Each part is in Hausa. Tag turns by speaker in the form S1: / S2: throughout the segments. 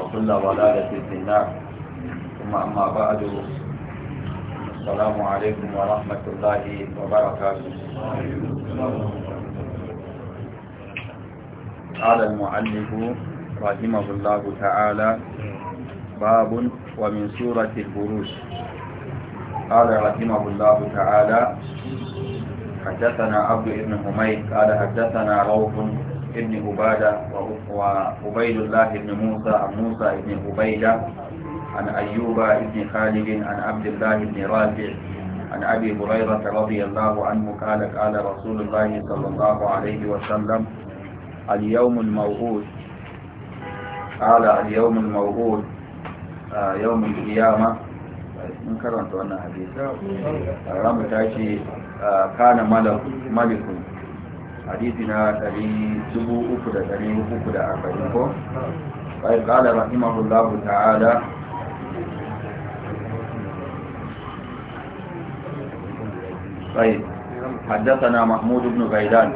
S1: وكل ضلالة في النار ثم أما بعد السلام عليكم ورحمة الله وبركاته قال المعلم رحمه الله تعالى باب ومن سورة البروج قال رحمه الله تعالى حدثنا عبد ابن حميد قال حدثنا روح ابن عبادة وعبيد الله بن موسى عن موسى بن عبيدة عن أيوب بن خالد عن عبد الله بن رافع عن أبي هريرة رضي الله عنه قال قال رسول الله صلى الله عليه وسلم اليوم الموعود قال اليوم الموعود آه، يوم القيامة من كرمت أنا حديثا آه، رمت أشي آه، كان ملك ملك حديثنا hadisi na 3,340 ko قال رحمه الله تعالى طيب حدثنا محمود بن غيلان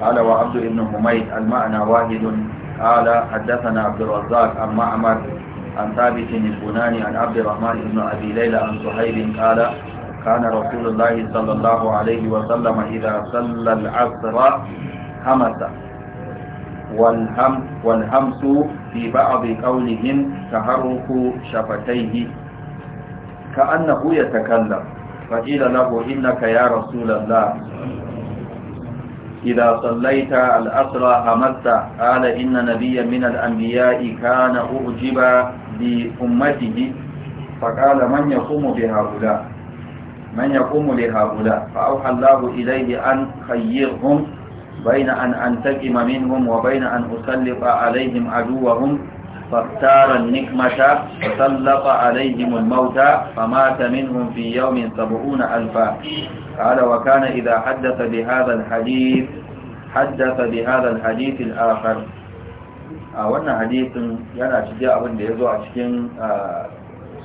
S1: قال وعبد بن حميد المعنى واحد قال حدثنا عبد الرزاق عن معمر عن ثابت البناني عن عبد الرحمن بن ابي ليلى عن صهيب قال كان رسول الله صلى الله عليه وسلم إذا صلى العصر همس والهم والهمس في بعض قولهم تحرك شفتيه كأنه يتكلم فقيل له إنك يا رسول الله إذا صليت الأسرى همست قال إن نبيا من الأنبياء كان أعجب بأمته فقال من يقوم بهؤلاء من يقوم لهؤلاء فأوحى الله إليه أن خيرهم بين أن أنتقم منهم وبين أن أسلط عليهم عدوهم فاختار النكمة فسلط عليهم الموتى فمات منهم في يوم سبعون ألفا قال وكان إذا حدث بهذا الحديث حدث بهذا الحديث الآخر wannan hadisin yana cike abin da ya zo a cikin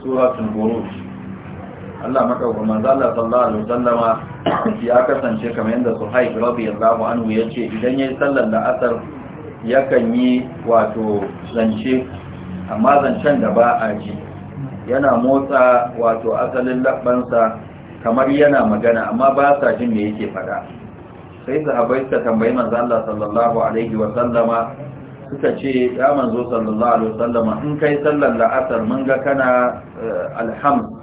S1: suratun buruj Allah makauka manzo Allah sallallahu alaihi wasallama ya kasance kamar yadda su Suhaib radiyallahu anhu yace idan ya yi sallar da asar kan yi wato zance amma zancen da ba a ji yana motsa wato asalin labbansa kamar yana magana amma ba sa jin me yake fada sai su sahabbai suka tambayi manzo Allah sallallahu alaihi wasallama suka ce ya manzo sallallahu alaihi wasallama in kai sallar la'asar mun ga kana eh, alham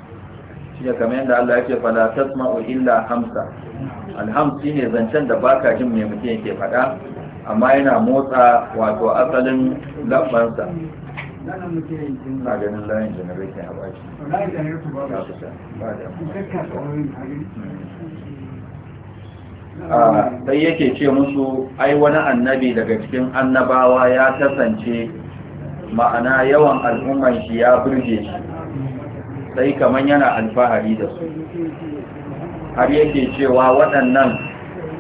S1: shine kamar yadda Allah yake fada tasma'u illa hamsa alham shine zancen da baka jin me mutum yake fada amma yana motsa wato asalin labbansa na ganin generation a bashi sai yake ce musu ai wani annabi daga cikin annabawa ya kasance ma'ana yawan al'umman shi ya burge shi sai kaman yana alfahari da su har yake cewa waɗannan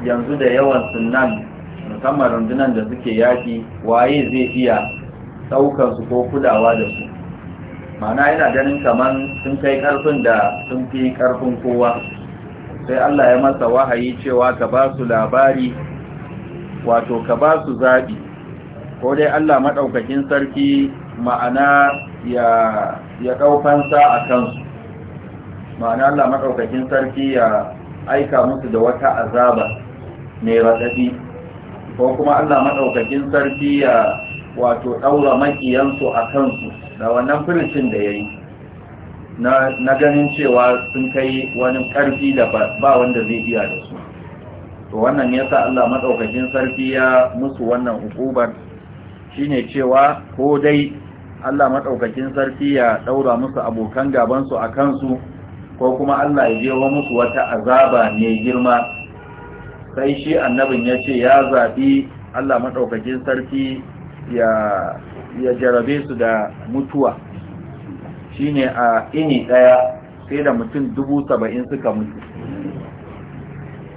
S1: yanzu da yawan sunan musamman rundunan da suke yaki waye zai iya ɗaukansu ko kulawa da su mana yana ganin kaman sun kai ƙarfin da sun fi ƙarfin kowa sai Allah ya masa wahayi cewa ka ba su labari wato ka ba su zaɓi ko dai Allah maɗaukakin sarki ma'ana ya ya ɗau fansa a kansu ma'ana Allah maɗaukakin sarki ya aika musu da wata azaba mai raɗaɗi ko kuma Allah maɗaukakin sarki ya wato ɗaura makiyansu a kansu da wannan firicin da ya yi na ganin cewa sun kai wani ƙarfi da ba wanda zai iya da su to wannan ya sa Allah maɗaukakin sarki ya musu wannan hukubar shine cewa ko dai Allah maɗaukakin sarki ya ɗaura musu abokan gabansu a kansu ko kuma Allah ya jewa musu wata azaba mai girma sai shi annabin ya ce ya zaɓi Allah maɗaukakin sarki ya jarabe su da mutuwa shi ne a ini ɗaya sai da mutum dubu saba'in suka mutu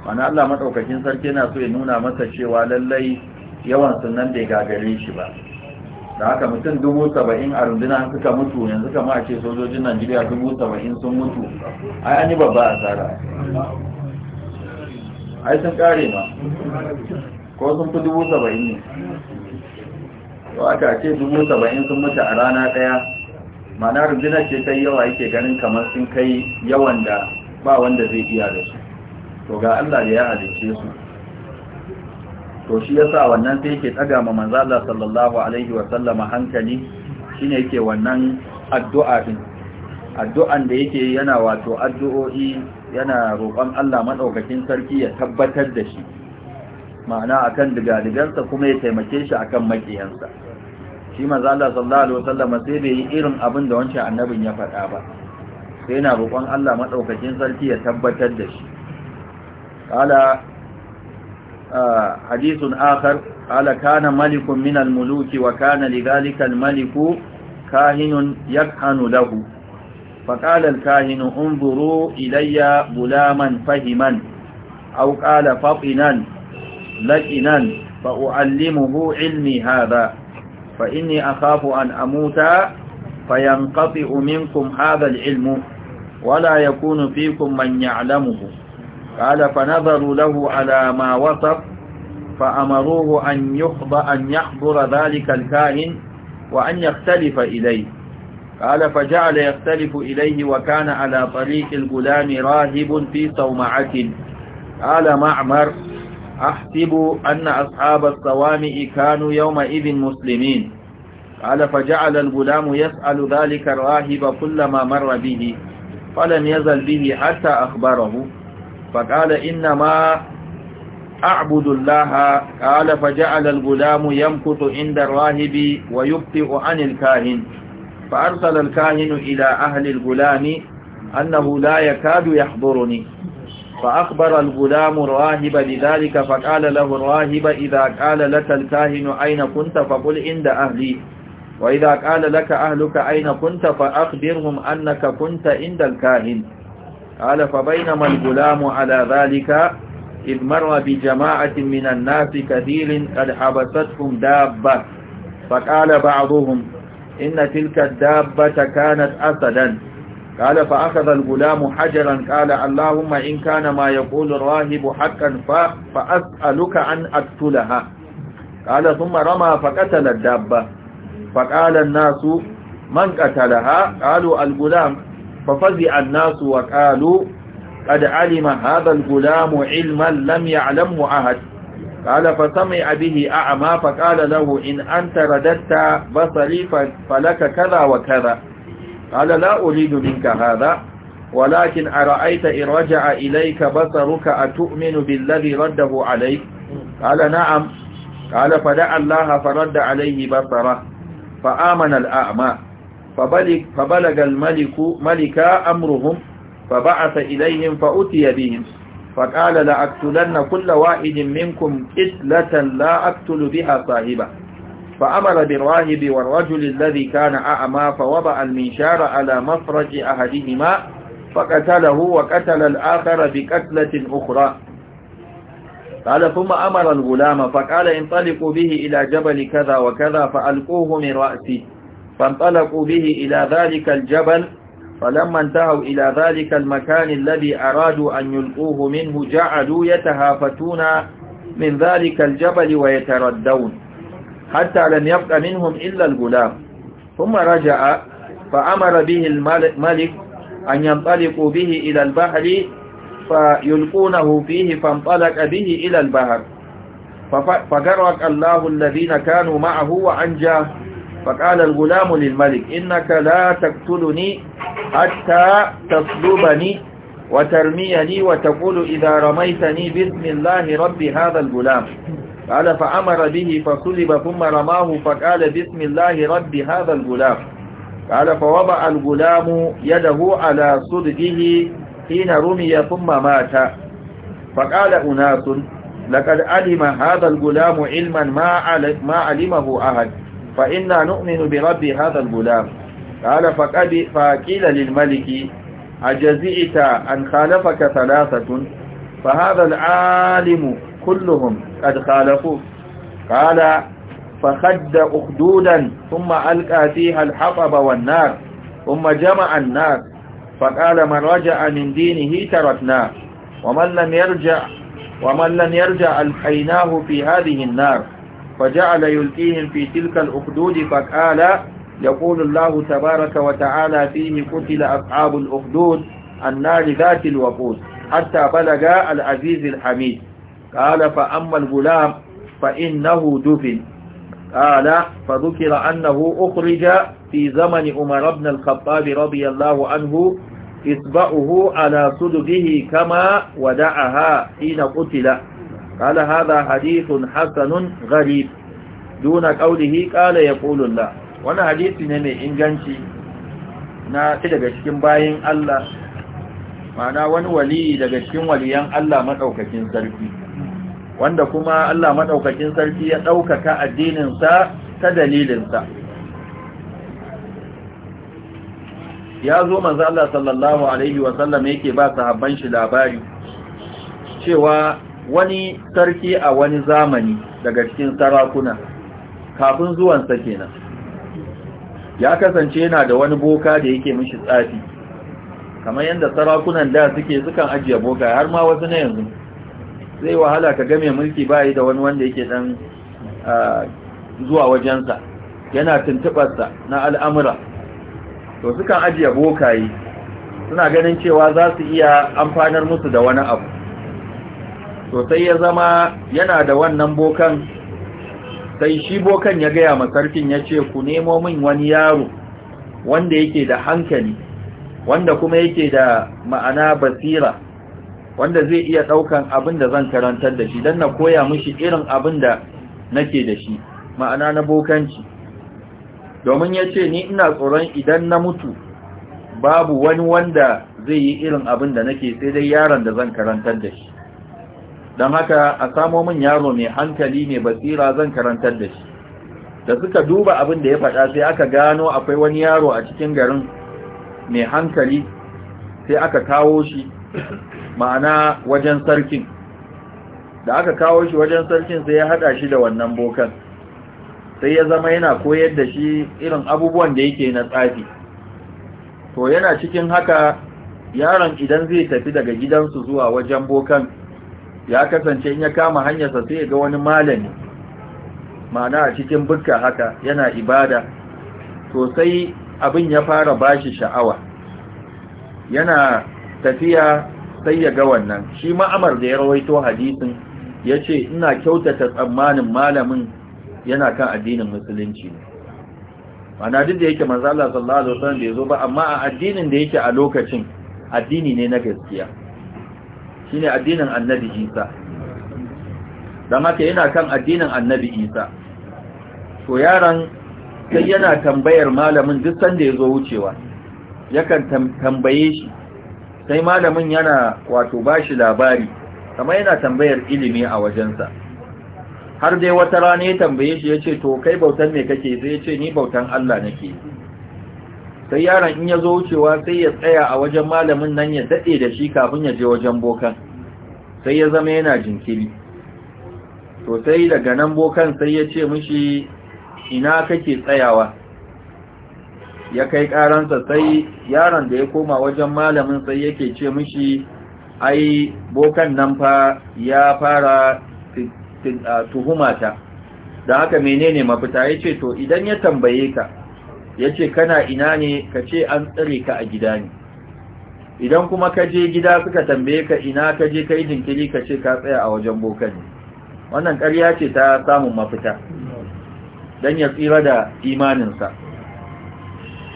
S1: wani Allah maɗaukakin sarki yana so ya nuna masa cewa lallai yawan sunan bai gagare shi ba da haka mutum dubu saba'in a rundunar suka mutu yanzu kama a ce sojojin najeriya dubu saba'in sun mutu ai an yi babba asara ai sun kare ma ko sun fi dubu saba'in ne to aka ce dubu saba'in sun mutu a rana daya mana rundunar ce kai yawa yake ganin kamar sun kai yawan da ba wanda zai iya da su to ga allah da ya halicce su to shi yasa wannan sai yake tsaga ma manzo Allah sallallahu alaihi wa sallama hankali shine yake wannan addu'a din addu'an da yake yana wato addu'o'i yana roƙon Allah madaukakin sarki ya tabbatar da shi ma'ana akan digadigansa kuma ya taimake shi akan makiyansa shi manzo Allah sallallahu alaihi sallama sai bai yi irin abin da wancan annabin ya faɗa ba sai yana roƙon Allah madaukakin sarki ya tabbatar da shi qala آه، حديث آخر قال كان ملك من الملوك وكان لذلك الملك كاهن يكهن له فقال الكاهن انظروا إلي غلاما فهما أو قال فطنا لكنا فأعلمه علمي هذا فإني أخاف أن أموت فينقطع منكم هذا العلم ولا يكون فيكم من يعلمه قال فنظروا له على ما وصف فأمروه أن يحضر, أن يحضر ذلك الكاهن وأن يختلف إليه قال فجعل يختلف إليه وكان على طريق الغلام راهب في صومعة قال معمر أحسب أن أصحاب الصوامئ كانوا يومئذ مسلمين قال فجعل الغلام يسأل ذلك الراهب كلما مر به فلم يزل به حتى أخبره فقال إنما أعبد الله قال فجعل الغلام يمكث عند الراهب ويبطئ عن الكاهن فأرسل الكاهن إلى أهل الغلام أنه لا يكاد يحضرني فأخبر الغلام الراهب بذلك فقال له الراهب إذا قال لك الكاهن أين كنت فقل عند أهلي وإذا قال لك أهلك أين كنت فأخبرهم أنك كنت عند الكاهن قال فبينما الغلام على ذلك إذ مر بجماعة من الناس كثير قد حبستهم دابة فقال بعضهم إن تلك الدابة كانت أسدا قال فأخذ الغلام حجرا قال اللهم إن كان ما يقول الراهب حقا فأسألك أن أقتلها قال ثم رمى فقتل الدابة فقال الناس من قتلها قالوا الغلام ففزع الناس وقالوا قد علم هذا الغلام علما لم يعلمه أحد قال فسمع به أعمى فقال له إن أنت رددت بصري فلك كذا وكذا قال لا أريد منك هذا ولكن أرأيت إن رجع إليك بصرك أتؤمن بالذي رده عليك قال نعم قال فدعا الله فرد عليه بصره فآمن الأعمى فبلغ, فبلغ الملك ملك أمرهم فبعث إليهم فأتي بهم فقال لأقتلن كل واحد منكم قتلة لا أقتل بها صاحبه فأمر بالراهب والرجل الذي كان أعمى فوضع المنشار على مفرج أحدهما فقتله وقتل الآخر بقتلة أخرى قال ثم أمر الغلام فقال انطلقوا به إلى جبل كذا وكذا فألقوه من رأسه فانطلقوا به إلى ذلك الجبل فلما انتهوا إلى ذلك المكان الذي أرادوا أن يلقوه منه جعلوا يتهافتون من ذلك الجبل ويتردون حتى لم يبق منهم إلا الغلام ثم رجع فأمر به الملك أن ينطلقوا به إلى البحر فيلقونه فيه فانطلق به إلى البحر فقرق الله الذين كانوا معه وأنجاه فقال الغلام للملك إنك لا تقتلني حتى تصلبني وترميني وتقول إذا رميتني بسم الله ربي هذا الغلام قال فأمر به فصلب ثم رماه فقال بسم الله ربي هذا الغلام قال فوضع الغلام يده على صدقه حين رمي ثم مات فقال أناس لقد علم هذا الغلام علما ما علمه أحد فإنا نؤمن برب هذا الغلام قال فقيل للملك أجزئت أن خالفك ثلاثة فهذا العالم كلهم قد خالفوه قال فخد أخدودا ثم ألقى فيها الحطب والنار ثم جمع النار فقال من رجع من دينه تركناه ومن لم يرجع ومن لم يرجع ألقيناه في هذه النار فجعل يلقيهم في تلك الأخدود فقال يقول الله تبارك وتعالى فيه قتل أصحاب الأخدود النار ذات الوقود حتى بلغ العزيز الحميد قال فأما الغلام فإنه دفن قال فذكر أنه أخرج في زمن عمر بن الخطاب رضي الله عنه إصبعه على صدقه كما ودعها حين قتل قال هذا حديث حسن غريب دون قوله قال يقول الله وانا ne mai inganci? na ci daga cikin bayin Allah mana wani wali daga cikin waliyan Allah Maɗaukakin sarki wanda kuma Allah Maɗaukakin sarki ya ɗaukaka addininsa ta dalilinsa. ya zo manzo Allah sallallahu alaihi wa sallam yake ba sahabban shi labari cewa wani sarki a wani zamani daga cikin sarakuna kafin zuwansa kenan ya kasance yana da wani boka da yake mishi tsafi kamar yadda sarakunan da suke sukan ajiye boka har ma wasu na yanzu zai wahala ka game mulki bayi da wani wanda yake dan zuwa wajensa yana tuntubarsa na al'amura to sukan ajiye bokaye suna ganin cewa za su iya amfanar musu da wani abu Sosai ya zama yana da wannan bokan sai shi bokan ya gaya masarkin ya ce ku nemo min wani yaro wanda yake da hankali wanda kuma yake da ma'ana basira wanda zai iya ɗaukan abin da zan karantar da shi don na koya mishi irin abin da nake da shi ma'ana na bokanci domin ya ce ni ina tsoron idan na mutu babu wani wanda zai yi irin abin da nake sai dai yaron da zan karantar da shi don haka a samo min yaro mai hankali mai basira zan karantar da shi da suka duba abin da ya faɗa sai aka gano akwai wani yaro a cikin garin mai hankali sai aka kawo shi ma'ana wajen sarkin da aka kawo shi wajen sarkin sai ya haɗa shi da wannan bokan sai ya zama yana koyar da shi irin abubuwan da yake na tsafi to yana cikin haka yaron idan zai tafi daga gidansu zuwa wajen bokan ya kasance in ya kama hanyarsa sai ya ga wani malami ma'ana a cikin bukka haka yana ibada to abin ya fara bashi sha'awa yana tafiya sai ya ga wannan shi ma'amar da ya rawaito hadisin ya ce ina kyautata tsammanin malamin yana kan addinin musulunci ma'ana duk da yake manzala sallallahu alaihi wasallam da ya zo ba amma a addinin da yake a lokacin addini ne na gaskiya shine addinin annabi isa don haka yana kan addinin annabi isa to yaran sai yana tambayar malamin duk sanda ya zo wucewa yakan tambaye shi sai malamin yana wato bashi labari kamar yana tambayar ilimi a wajensa har dai wata rana ya tambaye shi ya ce to kai bautan me kake sai ya ce ni bautan Allah nake sai yaron in ya zo wucewa sai ya tsaya a wajen malamin nan ya daɗe da shi kafin ya je wajen bokan sai ya zama yana jinkiri to sai daga nan bokan sai ya ce mishi ina kake tsayawa ya kai ƙaransa sai yaron da ya koma wajen malamin sai yake ce mishi ai bokan nan fa ya fara tuhumata da haka menene mafita ya ce to idan ya tambaye ka ya ce kana ina ne ka ce an tsare ka a gida ne idan kuma ka je gida suka tambaye ka ina ka je ka yi jinkiri ka ce ka tsaya a wajen boka ne wannan karya ce ta samun mafita don ya tsira da imaninsa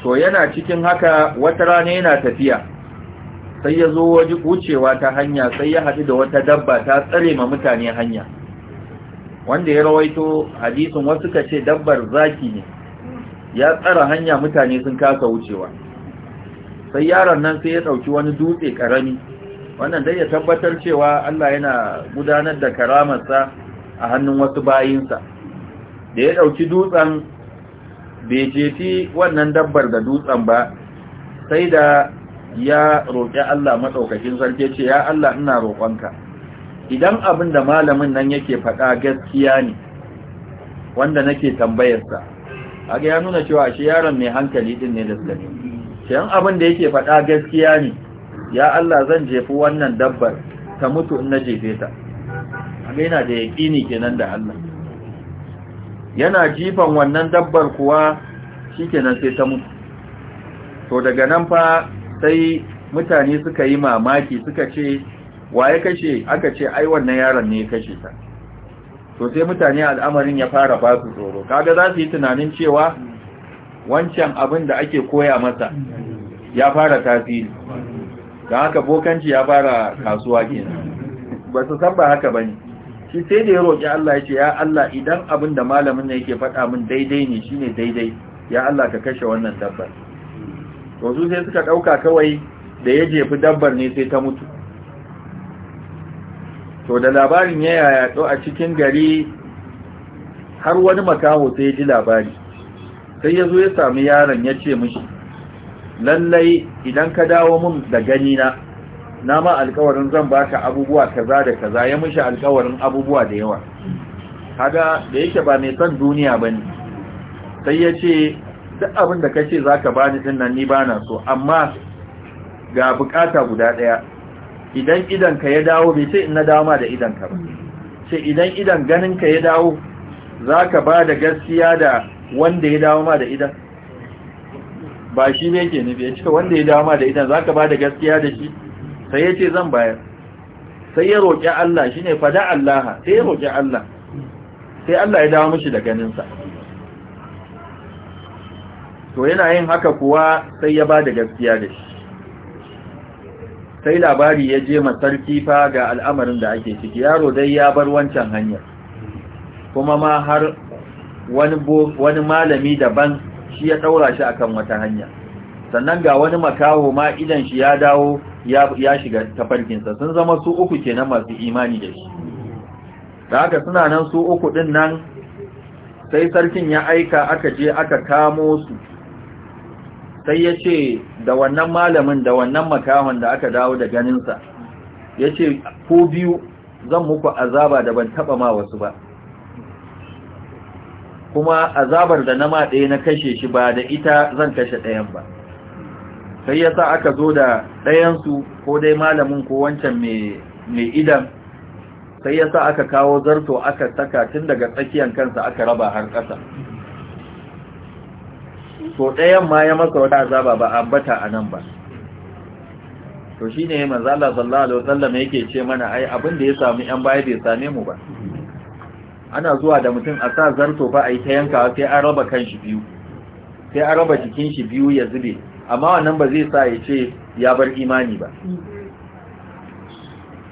S1: to yana cikin haka wata rana yana tafiya sai ya zo waje wucewa ta hanya sai ya haɗu da wata dabba ta tsare ma mutane hanya wanda ya rawaito hadisin wasu ka ce dabbar zaki ne ya tsara hanya mutane sun kasa wucewa sai yaron nan sai ya ɗauki wani dutse ƙarami wannan dai ya tabbatar cewa Allah yana gudanar da karamarsa a hannun wasu bayinsa da ya ɗauki dutsen bai jefi wannan dabbar da dutsen ba sai da ya roƙi Allah matsaukakin sarki ce ya Allah ina roƙonka idan abin da malamin nan yake faɗa gaskiya ne wanda nake tambayarsa aga ya nuna cewa shi yaron mai hankali din ne da suka ne shi yan abin da yake faɗa gaskiya ne ya Allah zan jefi wannan dabbar ta mutu in na jefe ta aga yana da yaƙini kenan da Allah yana jifan wannan dabbar kuwa shi kenan sai ta mutu to daga nan fa sai mutane suka yi mamaki suka ce wa ya kashe aka ce ai wannan yaron ne ya kashe ta to sai mutane al'amarin ya fara ba su tsoro kaga za su yi tunanin cewa wancan abin da ake koya masa ya fara tasiri da haka bokanci ya fara kasuwa kenan ba su san ba haka ne. shi sai da ya roƙi Allah ya ce ya Allah idan abin da malamin ne yake faɗa min daidai ne shine daidai ya Allah ka kashe wannan dabbar to sai suka ɗauka kawai da ya jefi dabbar ne sai ta mutu to da labarin ya yayato a cikin gari har wani makaho sai ji labari sai ya zo ya sami yaron ya ce mishi lallai idan ka dawo mun da gani na na ma alkawarin zan baka abubuwa kaza da kaza ya mishi alkawarin abubuwa da yawa haga da yake ba mai son duniya bane sai ya ce duk abin da kace zaka bani din nan ni ba so amma ga bukata guda ɗaya idan idan ka ya dawo bai sai in na dama da idanka ba sai idan idan ganinka ya dawo za ka ba da gaskiya da wanda ya dawo ma da idan ba shi ne ke nufi ya cika wanda ya dawo ma da idan za ka ba da gaskiya da shi sai ya ce zan bayar sai ya roƙi Allah shi ne fada Allah sai ya roƙi Allah sai Allah ya dawo mishi da ganinsa to yana yin haka kuwa sai ya ba da gaskiya da shi sai labari ya je masarki fa ga al'amarin da ake ciki yaro dai ya bar wancan hanyar kuma ma har wani malami daban shi ya ɗaura shi akan wata hanya sannan ga wani makaho ma idan shi ya dawo ya shiga tafarkinsa sun zama su uku kenan masu imani da shi da haka suna nan su uku ɗin nan sai sarkin ya aika aka je aka kamo su sai ya ce da wannan malamin da wannan makahon da aka dawo da ganinsa ya ce ko biyu zan muku azaba da ban taba ma wasu ba kuma azabar da na ma ɗaya na kashe shi ba da ita zan kashe ɗayan ba sai ya sa aka zo da ɗayansu ko dai malamin ko wancan mai idan sai ya sa aka kawo zarto aka saka tun daga tsakiyar kansa aka raba har ƙasa so ɗayan ma ya maka wata azaba ba ambata a nan ba to shi ne manzala sallallahu alaihi yake ce mana ai abin da ya samu yan baya bai same mu ba ana zuwa da mutum a sa zarto ba a yi ta yankawa sai an raba kan biyu sai an raba jikin shi biyu ya zube amma wannan ba zai sa ya ce ya bar imani ba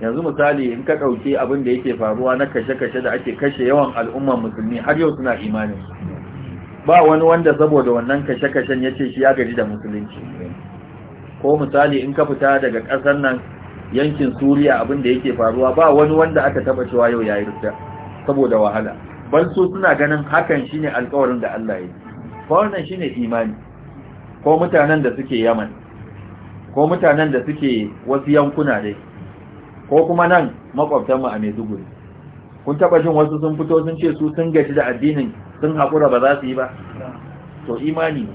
S1: yanzu misali in ka ɗauke abin da yake faruwa na kashe-kashe da ake kashe yawan al'umman musulmi har yau suna imanin ba wani wanda saboda wannan kashe-kashen ya ce shi ya gaji da musulunci ko misali in ka fita daga ƙasar nan yankin suriya abin da yake faruwa ba wani wanda aka taba cewa yau ya yi saboda wahala ban su suna ganin hakan shine alƙawarin da Allah ya yi ba shine imani ko mutanen da suke yaman ko mutanen da suke wasu yankuna dai ko kuma nan makwabtanmu a maiduguri kun taba jin wasu sun fito sun ce su sun gaji da addinin sun haƙura ba za su yi ba to imani ne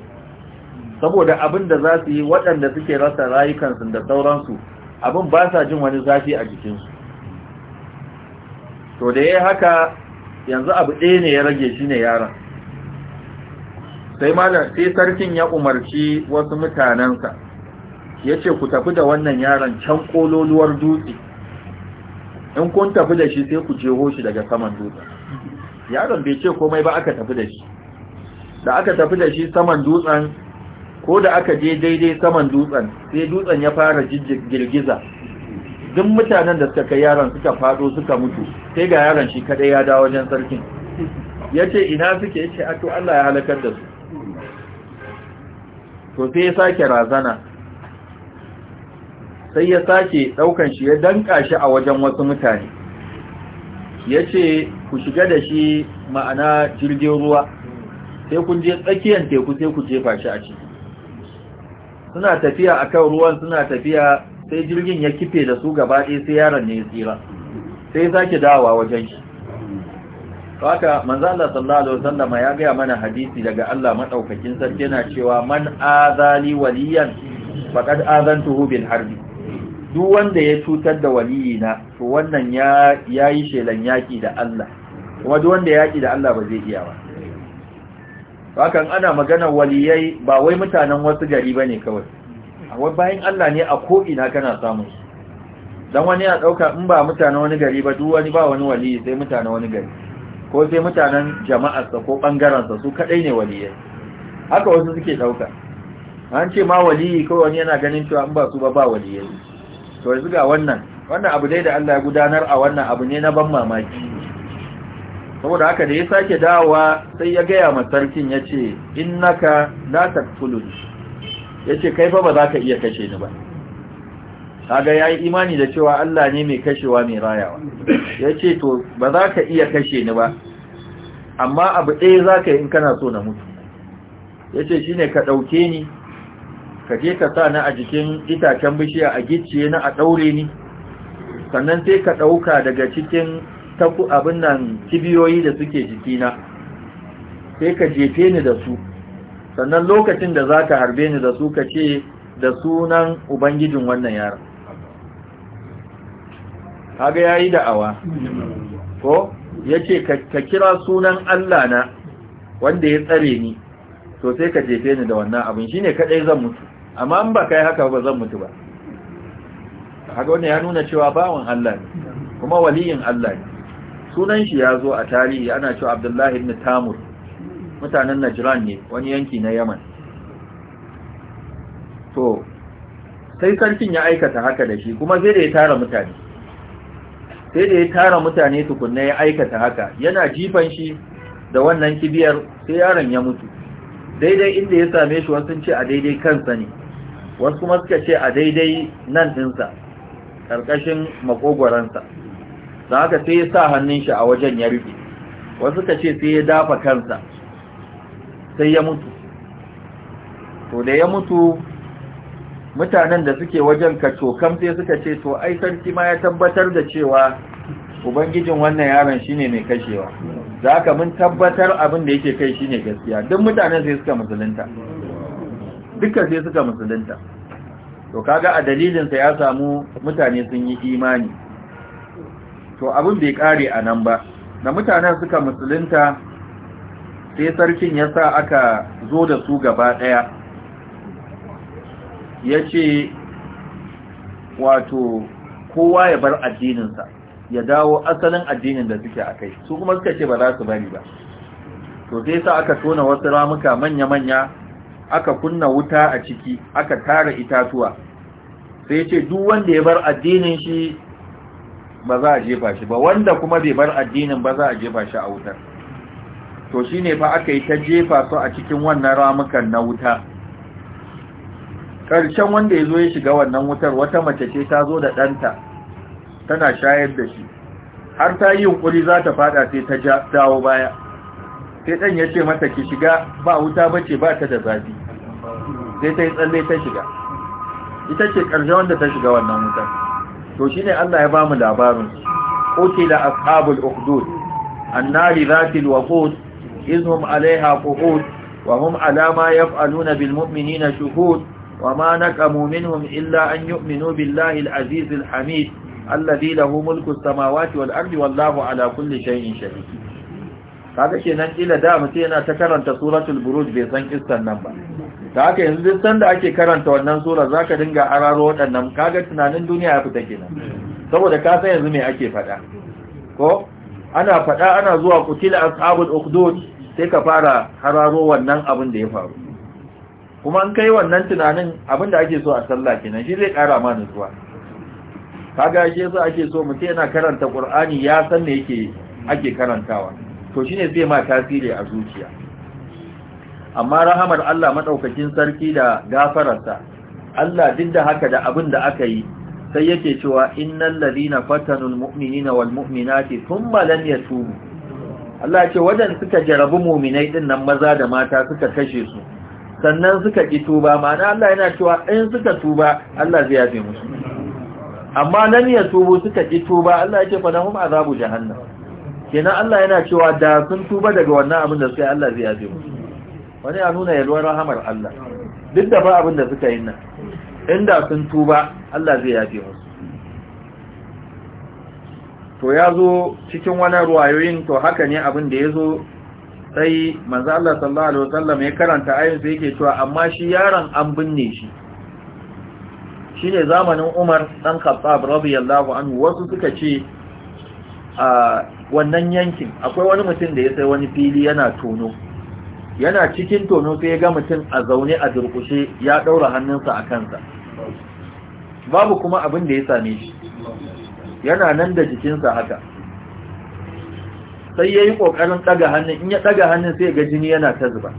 S1: saboda abin da za su yi waɗanda suke rasa rayukansu da sauransu abin ba sa jin wani zafi a jikinsu to da ya haka yanzu abu ɗaya ne ya rage shi ne yaron sai malam sai sarkin ya umarci wasu mutanensa ya ce ku tafi da wannan yaron can kololuwar dutse in kun tafi da shi sai ku jeho shi daga saman dutsen yaron bai ce komai ba aka tafi da shi da aka tafi da shi saman dutsen ko da aka je daidai saman dutsen sai dutsen ya fara girgiza duk mutanen da suka kai yaron suka fado suka mutu sai ga yaron shi kadai ya dawo wajen sarkin ya ina suke ya a to Allah ya halakar da su to sai ya sake razana sai ya sake daukan shi ya danka shi a wajen wasu mutane ya ce ku shiga da shi ma'ana jirgin ruwa sai kun je tsakiyar teku sai ku jefa shi a ciki suna tafiya a kan ruwan suna tafiya sai jirgin ya kife da su gaba ɗaya sai yaron ne ya tsira sai sake dawowa wajen shi haka manzo Allah sallallahu alaihi wasallam ya ga mana hadisi daga Allah madaukakin sarki yana cewa man azali waliyan faqad azantuhu bil harbi duk wanda ya cutar da waliyina to wannan ya yayi shelan yaki da Allah kuma duk wanda yaki da Allah ba zai iya ba haka ana maganar waliyai ba wai mutanen wasu gari bane kawai Akwai bayan Allah ne a ko ina kana samu su dan wani ya dauka in ba mutanen wani gari ba duk wani ba wani waliyi sai mutanen wani gari ko sai mutanen jama'arsa ko sa su kadai ne waliyai haka wasu suke dauka an ce ma waliyi kawai wani yana ganin cewa in ba su ba ba waliyai to yanzu ga wannan wannan abu dai da Allah ya gudanar a wannan abu ne na ban mamaki saboda haka da ya sake dawowa sai ya gaya ma sarkin ya ce innaka la taqtulun ya ce kai fa ba za ka iya kashe ni ba kaga ya yi imani da cewa Allah ne mai kashewa mai rayawa ya ce to ba za ka iya kashe ni ba amma abu ɗaya za ka yi in kana so na mutu ya ce shi ne ka ɗauke ni ka je ka sa na a jikin itacen bishiya a gicciye na a ɗaure ni sannan sai ka ɗauka daga cikin taku abin nan kibiyoyi da suke jikina sai ka jefe ni da su sannan lokacin da za ka harbe ni da su ka ce da sunan ubangijin wannan yara. haga ya yi da'awa ko ya ce ka kira sunan Allah na wanda ya tsare ni to sai ka jefe ni da wannan abin shi ne kaɗai zan mutu amma in ba kai haka ba zan mutu ba haka wannan ya nuna cewa bawan Allah ne kuma waliyin Allah ne sunan shi ya zo a tarihi ana cewa Abdullahi ibn Tamur mutanen Najran ne wani yanki na Yaman to sai sarkin ya aikata haka da shi kuma sai da ya tara mutane sai da ya tara mutane tukunna ya aikata haka yana jifan shi da wannan kibiyar sai yaron ya mutu daidai inda ya same shi wasu ce a daidai kansa ne wasu kuma suka ce a daidai nan ɗinsa ƙarƙashin makogwaransa don haka sai ya sa hannun shi a wajen ya rufe wasu suka ce sai ya dafa kansa sai ya mutu to da ya mutu mutanen da suke wajen kacokam sai suka ce to ai sarki ma ya tabbatar da cewa ubangijin wannan yaron shine mai kashewa za ka mun tabbatar abin da yake kai shine gaskiya duk mutanen sai suka musulunta dukkan sai suka musulunta to kaga a dalilinsa ya samu mutane sun yi imani to abin bai kare a nan ba da mutanen suka musulunta sai sarkin ya sa aka zo da su gaba ɗaya ya ce wato kowa ya bar addininsa ya dawo asalin addinin da suke a kai su kuma suka ce ba za su bari ba to sai sa aka tona wasu ramuka manya-manya aka kunna wuta a ciki aka tara itatuwa sai ce duk wanda ya bar addinin shi ba za a jefa shi ba wanda kuma bai bar addinin ba za a jefa shi a wutar to shine fa aka yi ta jefa su a cikin wannan ramukan na wuta ƙarshen wanda ya zo ya shiga wannan wutar wata mace ce ta zo da ɗanta tana shayar da shi har ta yi yunƙuri za ta fada sai ta dawo baya sai ɗan ya ce mata ki shiga ba wuta ba ce ba ta da zafi sai ta yi tsalle ta shiga ita ce ƙarshe wanda ta shiga wannan wuta to shi ne Allah ya ba mu labarin ƙutila ashabul ukhdud annari zatil waqud izhum alaiha qu'ud wa hum ala ma yaf'aluna bil mu'minina shuhud وما نقموا منهم إلا أن يؤمنوا بالله العزيز الحميد الذي له ملك السماوات والأرض والله على كل شيء شهيد kaga kenan kila da mutum yana ta karanta suratul buruj bai san kissan nan ba da haka yanzu duk sanda ake karanta wannan sura zaka dinga araro waɗannan kaga tunanin duniya ya fita kenan saboda ka san yanzu me ake faɗa ko ana faɗa ana zuwa kutil ashabul ukhdud sai ka fara hararo wannan abin da ya faru kuma an kai wannan tunanin abin da ake so a sallah kenan shi zai ƙara ma nutsuwa kaga shi yasa ake so mutum yana karanta qur'ani ya san me yake ake karantawa to shi ne zai ma tasiri a zuciya amma rahamar Allah madaukakin sarki da gafararsa Allah duk da haka da abin da aka yi sai yake cewa innal ladina fatanul mu'minina wal mu'minati thumma lam yatubu Allah ya ce wadan suka jarabu mu'minai din nan maza da mata suka kashe su sannan suka ki tuba ma'ana Allah yana cewa in suka tuba Allah zai yafe musu amma lam yatubu suka ki tuba Allah ya ce fa lahum azabu jahannam kenan Allah yana cewa da sun tuba daga wannan abin da suka yi Allah zai yafe musu wani ya nuna yalwar rahamar Allah duk da ba abin da suka yi nan inda sun tuba Allah zai yafe musu to ya zo cikin wani ruwayoyin to haka ne abin da ya zo sai manzo Allah sallallahu alaihi wasallam ya karanta ayin sai yake cewa amma shi yaron an binne shi shine zamanin Umar dan Khattab radiyallahu anhu wasu suka ce a wannan yankin akwai wani mutum da ya sai wani fili yana tono yana cikin tono sai ya ga mutum a zaune a durkushe ya ɗaura hannunsa a kansa babu kuma abin da ya same shi yana nan da jikinsa haka sai ya yi ƙoƙarin ɗaga hannun in ya ɗaga hannun sai ga jini yana ta zuba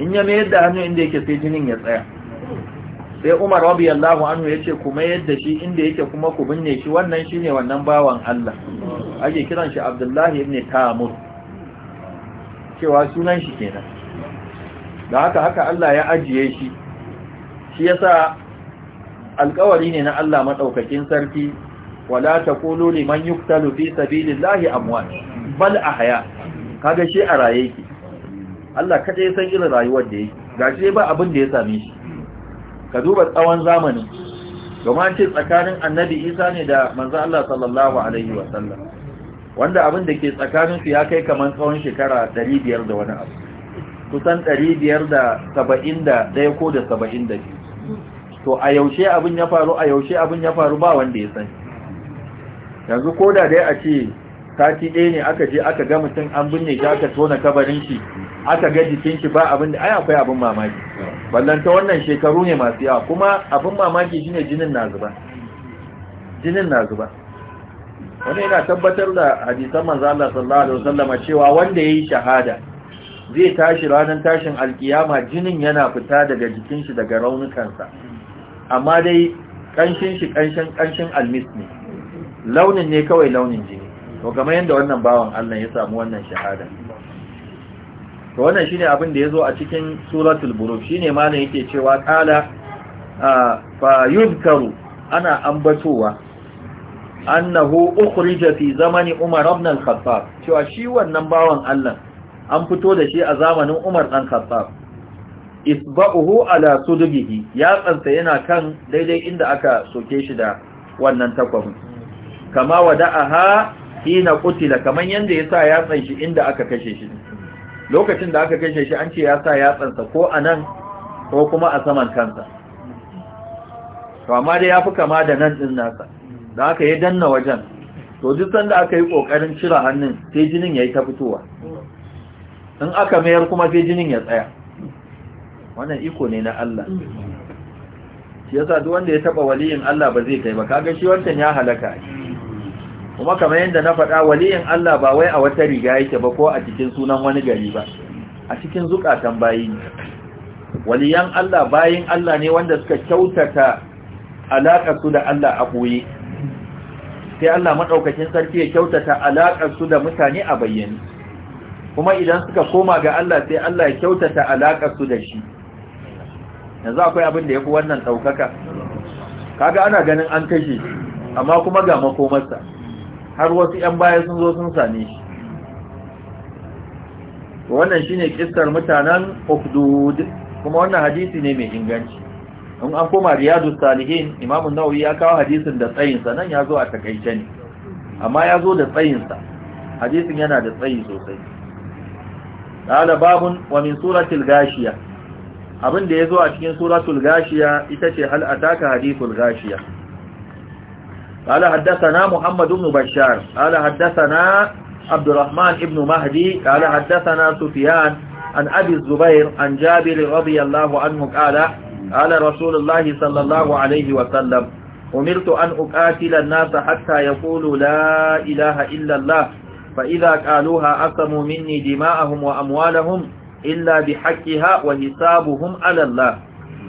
S1: in ya mayar da hannun inda yake sai jinin ya tsaya sai Umar radiyallahu anhu yace kuma yadda shi inda yake kuma ku binne shi wannan shine wannan bawan Allah ake kiran shi Abdullahi ibn Tamur cewa sunan shi kenan da haka haka Allah ya ajiye shi shi yasa alƙawari ne na Allah maɗaukakin sarki wala taqulu liman yuqtalu fi sabilillahi amwat bal ahya kaga shi a raye yake Allah kada ya san irin rayuwar da yake gashi ba abin da ya same shi ka duba tsawon zamanin domin an ce tsakanin annabi isa ne da manzo Allah sallallahu alaihi wasallam wanda abin da ke tsakanin su ya kai kamar tsawon shekara 500 da wani abu kusan 571 ko da 72 to a yaushe abin ya faru a yaushe abin ya faru ba wanda ya sani yanzu ko da dai a ce sati ɗaya ne aka je aka ga mutum an binne shi aka tona kabarin shi aka ga jikin shi ba abin da ai akwai abin mamaki ballanta wannan shekaru ne masu yawa kuma abin mamaki shine jinin na zuba jinin na zuba wani yana tabbatar da hadisan manzo Allah sallallahu alaihi wasallama cewa wanda yayi shahada zai tashi ranar tashin alkiyama jinin yana fita daga jikin shi daga raunukansa amma dai kanshin shi kanshin kanshin almis ne launin ne kawai launin jini to kamar yanda wannan bawan Allah ya samu wannan shahada to wannan shine abin da ya zo a cikin suratul buruj shine malam yake cewa qala fa yuzkaru ana ambatowa annahu ukhrija fi zamani umar ibn al-khattab cewa shi wannan bawan Allah an fito da shi a zamanin umar dan khattab isba'uhu ala sudubihi ya tsanta yana kan daidai inda aka soke shi da wannan takwabin kama wada'aha hina qutila kaman yanda yasa ya tsanshi inda aka kashe shi lokacin da aka kashe shi an ce ya sa yatsansa ko a nan ko kuma a saman kansa to amma ya fi kama da nan ɗin nasa da aka yi danna wajen to duk sanda aka yi ƙoƙarin cire hannun sai jinin ya yi ta fitowa in aka mayar kuma sai jinin ya tsaya wannan iko ne na Allah shi yasa duk wanda ya taɓa waliyin Allah ba zai kai ba kaga shi wancan ya halaka shi kuma kamar yadda na faɗa waliyin Allah ba wai a wata riga yake ba ko a cikin sunan wani gari ba a cikin zukatan bayi ne waliyan Allah bayin Allah ne wanda suka kyautata su da Allah a ɓoye sai Allah maɗaukakin sarki ya kyautata su da mutane a bayyane kuma idan suka koma ga Allah sai Allah ya kyautata su da shi yanzu akwai abin da ya fi wannan ɗaukaka kaga ana ganin an kashe amma kuma ga makomarsa har wasu 'yan baya sun zo sun same shi wannan shine kissar mutanen ukdud kuma wannan hadisi ne mai inganci in an koma riyadu salihin imamun nawawi ya kawo hadisin da tsayinsa nan ya zo a takaice ne amma ya zo da tsayinsa hadisin yana da tsayi sosai ƙala babun wa min suratul gashiya abin da ya zo a cikin suratul gashiya ita ce hal ataka hadithul gashiya قال حدثنا محمد بن بشار قال حدثنا عبد الرحمن بن مهدي قال حدثنا سفيان عن أبي الزبير عن جابر رضي الله عنه قال قال رسول الله صلى الله عليه وسلم أمرت أن أقاتل الناس حتى يقولوا لا إله إلا الله فإذا قالوها أقموا مني دماءهم وأموالهم إلا بحقها وحسابهم على الله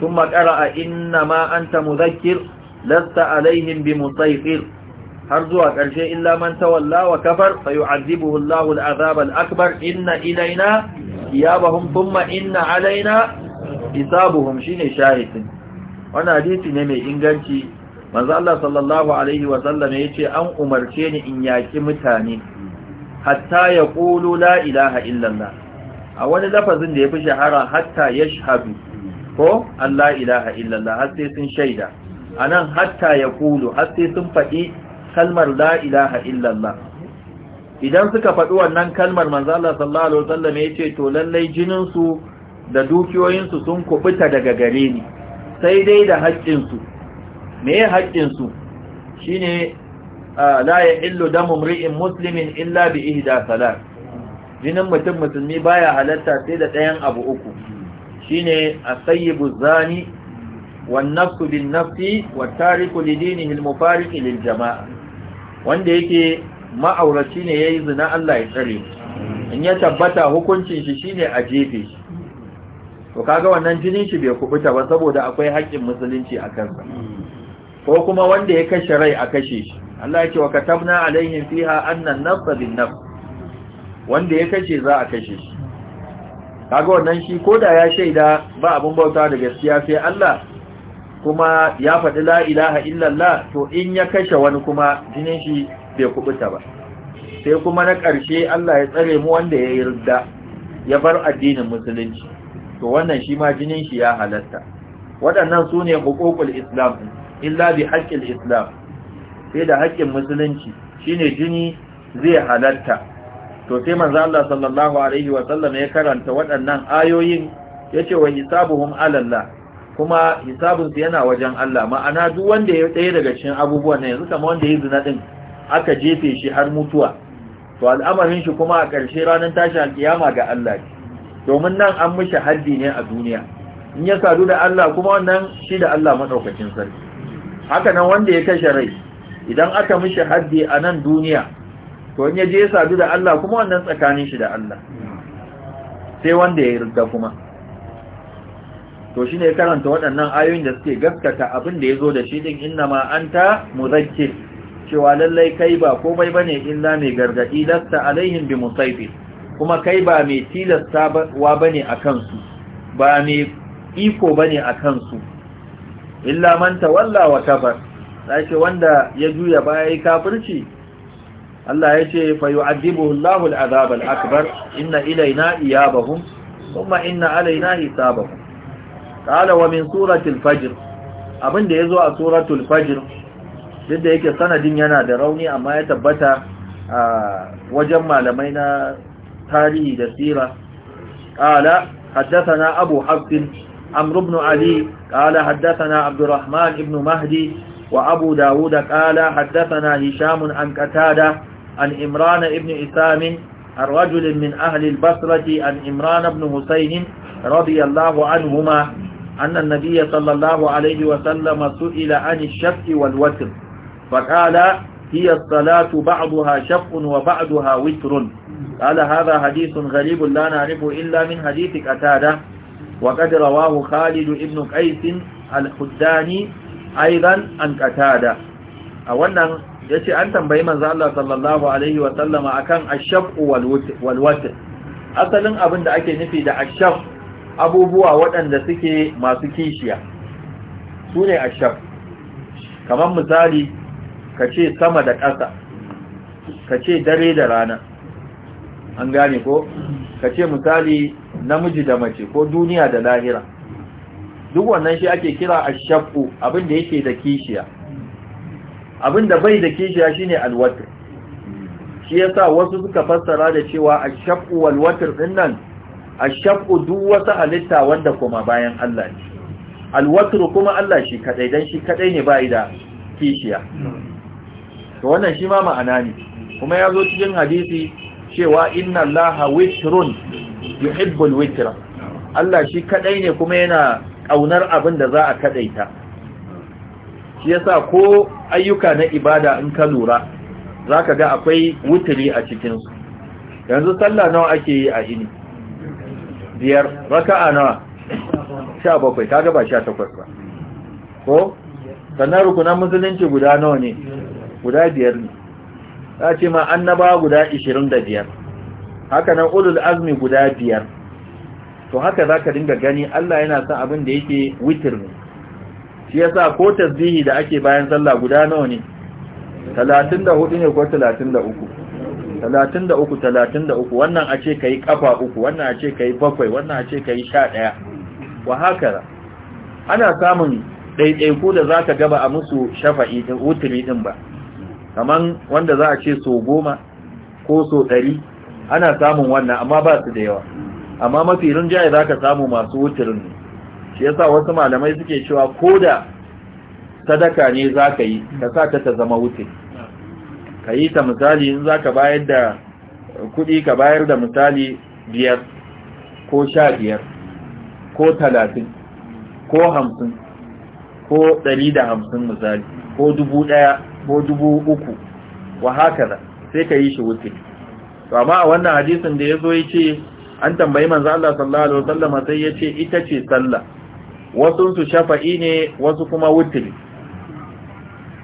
S1: ثم قرأ إنما أنت مذكر lasta alaihim bi musaytir har zuwa ƙarshe illa man tawalla wa kafar fa yu'adhibuhu Allahu al akbar inna ilaina iyabahum thumma inna alaina hisabuhum shine shahidin wannan hadisi ne mai inganci manzo sallallahu alaihi wa sallam yace an umarce ni in yaki mutane hatta ya la ilaha illallah a wani lafazin da fi shahara hatta yashhadu ko Allah ilaha illallah har sai sun shaida a nan hatta ya kulu har sai sun faɗi kalmar la'ilaha ilaha illallah idan suka faɗi wannan kalmar manzo Allah sallallahu alaihi ya ce to lallai jininsu da dukiyoyinsu su sun kubuta daga gare ni sai dai da haƙƙin su me ya haƙƙin su shine la illu damu mri'in muslimin illa bi ihda salat jinin mutum musulmi baya halatta sai da ɗayan abu uku shine a sayyibu zani wa والنفس بالنفس والتارك لدينه المفارق jama'a. wanda yake ma'auraci ne yayi zina Allah ya tsare in ya tabbata hukuncin shi shine a jefe shi to kaga wannan jinin shi bai kubuta ba saboda akwai haƙƙin musulunci a kansa ko kuma wanda ya kashe rai a kashe shi Allah ya ce wa katabna alaihim fiha annan nafsa bin nafs wanda ya kashe za a kashe shi kaga wannan shi koda ya shaida ba abun bauta da gaskiya sai Allah kuma ya faɗi la'ilaha ilaha illallah to in ya kashe wani kuma jinin shi bai kubuta ba sai kuma na ƙarshe Allah ya tsare mu wanda ya yi yarda ya bar addinin musulunci to wannan shi ma jinin shi ya halatta waɗannan su ne hukukul islam illa bi haƙƙin islam sai da haƙƙin musulunci shi ne jini zai halatta to sai manzo Allah sallallahu alaihi wa sallam ya karanta waɗannan ayoyin yace wa hisabuhum ala Allah kuma hisabinsu yana wajen Allah ma'ana duk wanda ya tsaye daga cikin abubuwan nan yanzu kama wanda ya zina din aka jefe shi har mutuwa to al'amarin shi kuma a ƙarshe ranar tashi alƙiyama ga Allah domin nan an mishi haddi ne a duniya in ya sadu da Allah kuma wannan shi da Allah maɗaukacin sarki haka nan wanda ya kashe rai idan aka mishi haddi a nan duniya to in ya je ya sadu da Allah kuma wannan tsakanin shi da Allah sai wanda ya yi rigga kuma to shi ne karanta waɗannan ayoyin da suke gaskata abin da ya zo da shi ɗin inna ma an ta muzakke cewa lallai kai ba komai ba ne illa mai gargaɗi lasta alaihin bi musaifi kuma kai ba mai tilasta wa ne a kansu ba mai iko ba ne a kansu illa man walla wa kafar sai wanda ya juya baya yi kafirci Allah ya ce fa yu'adibuhu Allahu al-azab al-akbar inna ilaina iyabahum thumma inna alaina hisabahum qala wa min suratul fajr abin da zo a suratul fajr duk da yake sanadin yana da rauni amma ya tabbata a wajen malamai na tarihi da sira qala haddathana abu hafsin amr ibn ali haddasa na abdurrahman ibn mahdi wa abu dawud qala haddathana hishamun an qatada an imrana ibn Isamin, الرجل min أهل البصرة an imrana Ibn حسين radiyallahu الله عنهما أن النبي صلى الله عليه وسلم سئل عن الشفع والوتر فقال هي الصلاة بعضها شفع وبعضها وتر قال هذا حديث غريب لا نعرفه إلا من حديث قتادة وقد رواه خالد بن قيس الحداني أيضا عن قتادة أولا yace an tambayi manzo Allah sallallahu alaihi wa sallama akan ash-shaf wal watr asalin abin da ake nufi da ash-shaf abubuwa waɗanda suke masu kishiya su ne ashab kamar misali ka ce sama da ƙasa ka ce dare da rana an gane ko ka ce misali namiji da mace ko duniya da lahira duk wannan shi ake kira ashabu abinda yake da kishiya abinda bai da kishiya shine alwatar shi yasa wasu suka fassara da cewa ashabu walwatar din nan ashaqqu duk wata halitta wanda kuma bayan Allah ne alwatru kuma Allah shi kadai dan shi kadai ne bai da kishiya to wannan shi ma ma'ana ne kuma ya zo cikin hadisi cewa inna allaha witrun yuhibbul witra Allah shi kadai ne kuma yana kaunar abin da za a kadaita shi yasa ko ayyuka na ibada in ka lura zaka ga akwai wutri a cikin su yanzu sallah nawa ake yi a ini biyar raka'a nawa sha bakwai ta gaba sha takwas ba ko sannan rukunan musulunci guda nawa ne guda biyar ne ta ce ma annaba guda ishirin da biyar haka nan ulul azmi guda biyar to haka za ka dinga gani Allah yana son abin da yake witir ne shi yasa ko tasbihi da ake bayan sallah guda nawa ne 34 ne ko 33 talatin da uku talatin da uku wannan a ce ka yi ƙafa uku wannan a ce ka yi bakwai wannan a ce ka yi sha ɗaya wa haka ana samun ɗaiɗaiku da za ka gaba a musu shafa'i ɗin wuturi ɗin ba Kamar wanda za a ce so goma ko so ɗari ana samun wannan amma ba su da yawa amma mafi rinjaye za ka samu masu wuturin ne shi yasa wasu malamai suke cewa ko da sadaka ne za ka yi ka sa ta ta zama wuturi ka yi ta misali in za ka bayar da kuɗi ka bayar da misali biyar ko sha biyar ko talatin ko hamsin ko ɗari da hamsin misali ko dubu ɗaya ko dubu uku wa haka da sai ka yi shi wuce amma a wannan hadisin da ya zo ya ce an tambayi manzo Allah sallallahu alaihi wasallam sai ya ce ita ce sallah wasu su shafa'i ne wasu kuma wutri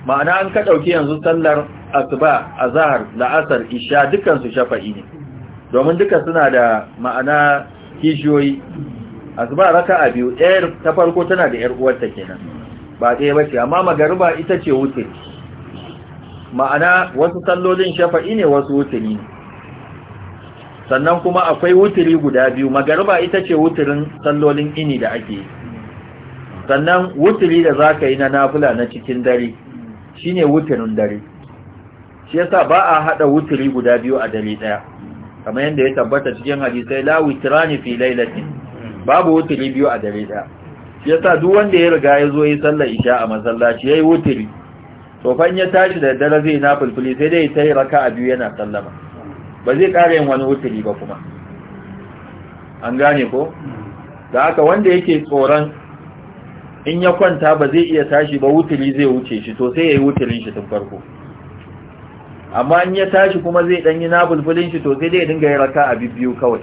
S1: ma'ana an ka dauki yanzu sallar asuba azhar la'asar isha dukkan su shafa'i ne domin duka suna da ma'ana kishiyoyi asuba raka'a biyu ɗaya ta farko tana da ƴar uwarta kenan ba ɗaya bace amma magariba ita ce wuce ma'ana wasu sallolin shafa'i ne wasu wuturi ne sannan kuma akwai wuturi guda biyu magariba ita ce wuturin sallolin ini da ake yi sannan wuturi da za ka yi na nafula na cikin dare shine wuturin dare shi yasa ba a hada wuturi guda biyu a dare daya kamar yadda ya tabbata cikin hadisi la witrani fi lailatin babu wuturi biyu a dare daya shi yasa duk wanda ya riga ya zo yi sallar isha a masallaci yayi wuturi to fa ya tashi da dare zai na fulfuli sai dai tayi raka'a biyu yana sallama ba zai kare yin wani wuturi ba kuma an gane ko da haka wanda yake tsoron in ya kwanta ba zai iya tashi ba wuturi zai wuce shi to sai yayi wuturin shi tun farko amma in ya tashi kuma zai dan yi nafulfulin shi to sai dai dinga yin raka a biyu kawai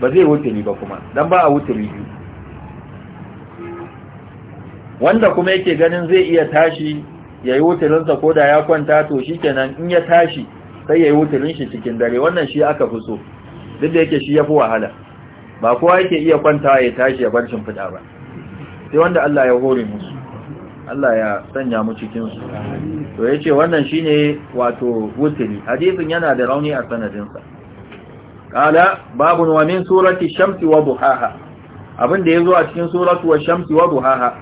S1: ba zai wuturi ba kuma dan ba a wuturi biyu wanda kuma yake ganin zai iya tashi yayi yi wuturinsa ko da ya kwanta to shi kenan in ya tashi sai yayi yi wuturin shi cikin dare wannan shi aka fi so duk da yake shi ya fi wahala ba kowa yake iya kwanta ya tashi ya bar fita ba sai wanda Allah ya hore musu Allah ya sanya mu cikin su to yace wannan shine wato wutiri hadisin yana da rauni a sanadin sa babu babun wa min surati shamsi wa duhaha abin da yazo a cikin suratu wa shamsi wa duhaha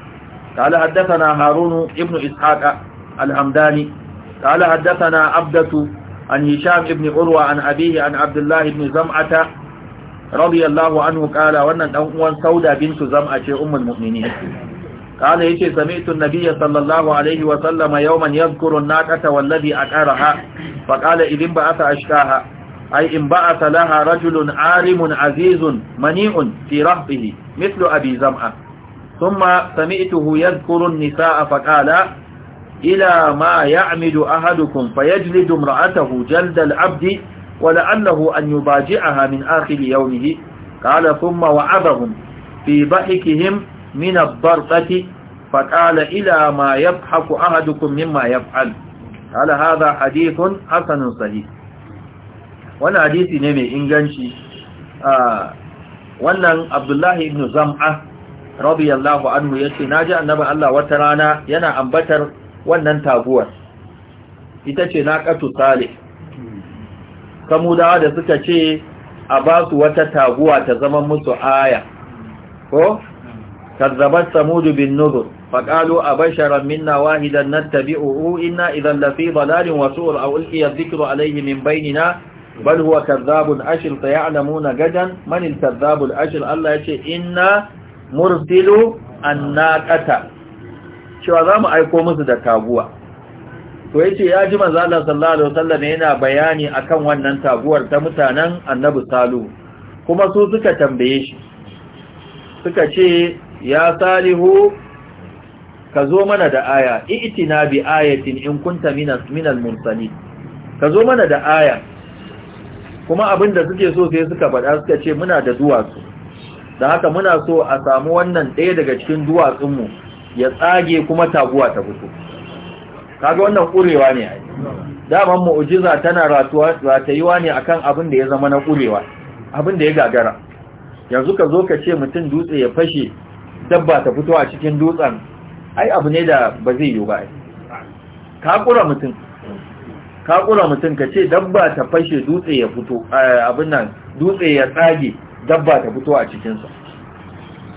S1: qala haddathana harun ibn ishaqa alhamdani. hamdani qala haddathana abdatu an hisham ibn urwa an abihi an abdullah ibn zam'ata radiyallahu anhu kala wannan dan uwan sauda bintu zam'a ce ummul mu'minin قال يتي سمعت النبي صلى الله عليه وسلم يوما يذكر الناقة والذي أكارها فقال إذ انبعث أشكاها أي انبعث لها رجل عارم عزيز منيع في رهبه مثل أبي زمعة ثم سمعته يذكر النساء فقال إلى ما يعمد أحدكم فيجلد امرأته جلد العبد ولعله أن يباجعها من آخر يومه قال ثم وعظهم في ضحكهم min ad-darqati fa qala ila ma yabhaku ahadukum mimma yaf'al ala hadha hadithun hasanun sahih wannan hadisi ne mai inganci ah, wannan abdullahi ibn zam'a radiyallahu anhu yace ji annabi Allah wata rana yana ambatar wannan taguwar ita ce naqatu salih kamudawa da suka ce a basu wata taguwa ta zama musu aya ko كذبت ثمود بالنذر فقالوا أبشرا منا واحدا نتبعه إنا إذا لفي ضلال وسور أو ألقي الذكر عليه من بيننا بل هو كذاب أشر فيعلمون غدا من الكذاب الأشر الله يشي إنا مرسل الناقة شو أظام أيكم سدى كابوة ويشي يا جمع زالة صلى الله عليه وسلم هنا بياني أكم ونن كابوة تمتانا النبي صالو kuma su suka tambaye shi suka ce ya salihu ka zo mana da aya itina bi ayatin in kunta minas minal mursali ka zo mana da aya kuma abin da suke so sai suka faɗa suka ce muna da duwatsu da haka muna so a samu wannan ɗaya daga cikin duwatsunmu ya tsage kuma taguwa ta fito kaga wannan ƙurewa ne ai daman mu'jiza tana ratayuwa ne akan abin da ya zama na ƙurewa abin da ya gagara yanzu ka zo ka ce mutum dutse ya fashe dabba ta fito a cikin dutsen ai abu ne da ba zai yi ba ka kura mutum ka ce dabba ta fashe dutse ya fito eh, abin nan dutse ya tsage dabba ta fito a cikinsa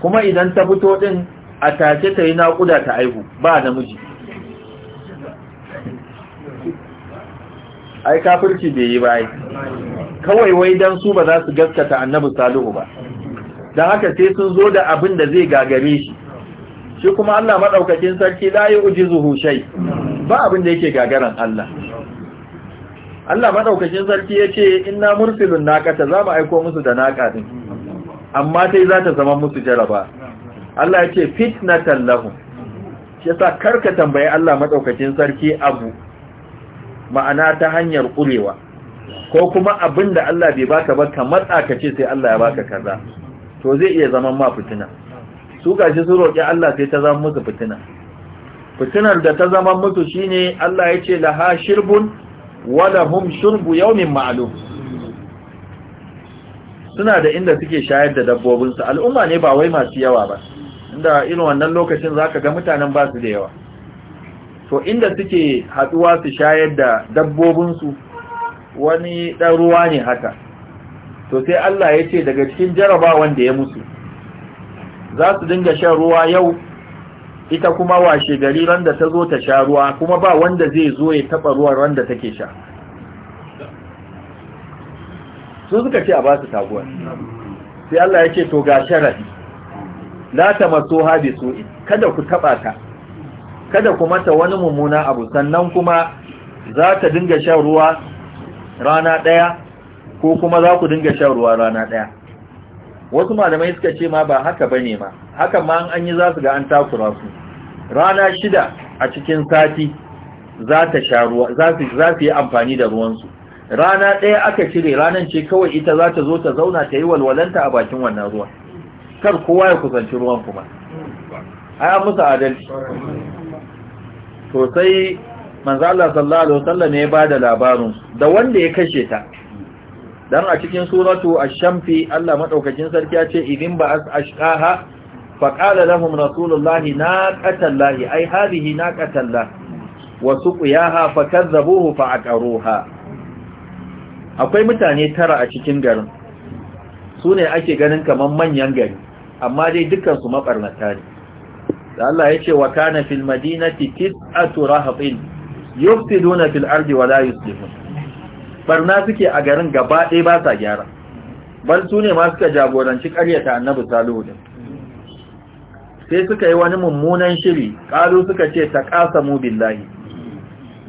S1: kuma idan ta fito din a tace ta yi naƙuda ta aihu ba namiji ai kafirci bai yi ba kawai wai don su ba za su gaskata annabi salihu ba don haka sai sun zo da abin da zai gagare shi shi kuma Allah Maɗaukakin sarki la yi uji zuhushai. ba abin da yake gagaran Allah Allah maɗaukacin sarki ya ce na murfilin naƙata za mu aiko musu da naƙa ɗin amma sai za ta zama musu jaraba Allah ya ce fit na tallahu shi sa karka tambayi Allah maɗaukacin sarki abu ma'ana ta hanyar ƙurewa ko kuma abin da Allah bai baka ba ka matsa ce sai Allah ya baka kaza to zai iya zama ma fitina su gashi su roƙi Allah sai ta zama musu fitina fitinar da ta zama musu shine Allah ya ce laha shirbun wala hum shurbu yawmin ma'lum suna da inda suke shayar da dabbobinsu al'umma ne ba wai masu yawa ba inda irin wannan lokacin zaka ga mutanen ba su da yawa to inda suke haduwa su shayar da dabbobinsu wani ɗan ruwa ne haka to sai Allah ya ce daga cikin jarabawan da ya musu za su dinga shan ruwa yau ita kuma washe gari randa ta zo ta sha ruwa kuma ba wanda zai zo ya taba ruwan randa take sha su suka ce a ba su taguwar sai Allah ya ce to ga sharadi la tamassu ha bi su kada ku taba ta kada ku mata wani mummuna abu sannan kuma za ta dinga shan ruwa rana daya ko kuma za ku dinga shan ruwa rana ɗaya wasu malamai suka ce ma ba haka bane ma haka ma an yi za su ga an takura su rana shida a cikin sati za su yi amfani da ruwansu rana ɗaya aka cire ranan ce kawai ita za ta zo ta zauna ta yi walwalanta a bakin wannan ruwan kar kowa ya kusanci ruwan kuma ai an musu adalci sosai manzala sallallahu alaihi ne ya bada labarin da wanda ya kashe ta dan a cikin suratu ash-shamfi Allah madaukakin sarki ya ce idin ba'as ashqaha faqala lahum rasulullahi naqatallahi ay hadhihi naqatallah wa suqiyaha fakazzabuhu fa'aqaruha akwai mutane tara a cikin garin su ne ake ganin kamar manyan gari amma dai dukkan su mabarnata ne da Allah ya ce wa kana fil madinati tis'atu rahabin yufsiduna fil ardi wa la yuslihun barna suke a garin gaba ɗaya ba sa gyara bar su ne ma suka jagoranci ƙaryata annabi salihu din sai suka yi wani mummunan shiri ƙalu suka ce ta mu billahi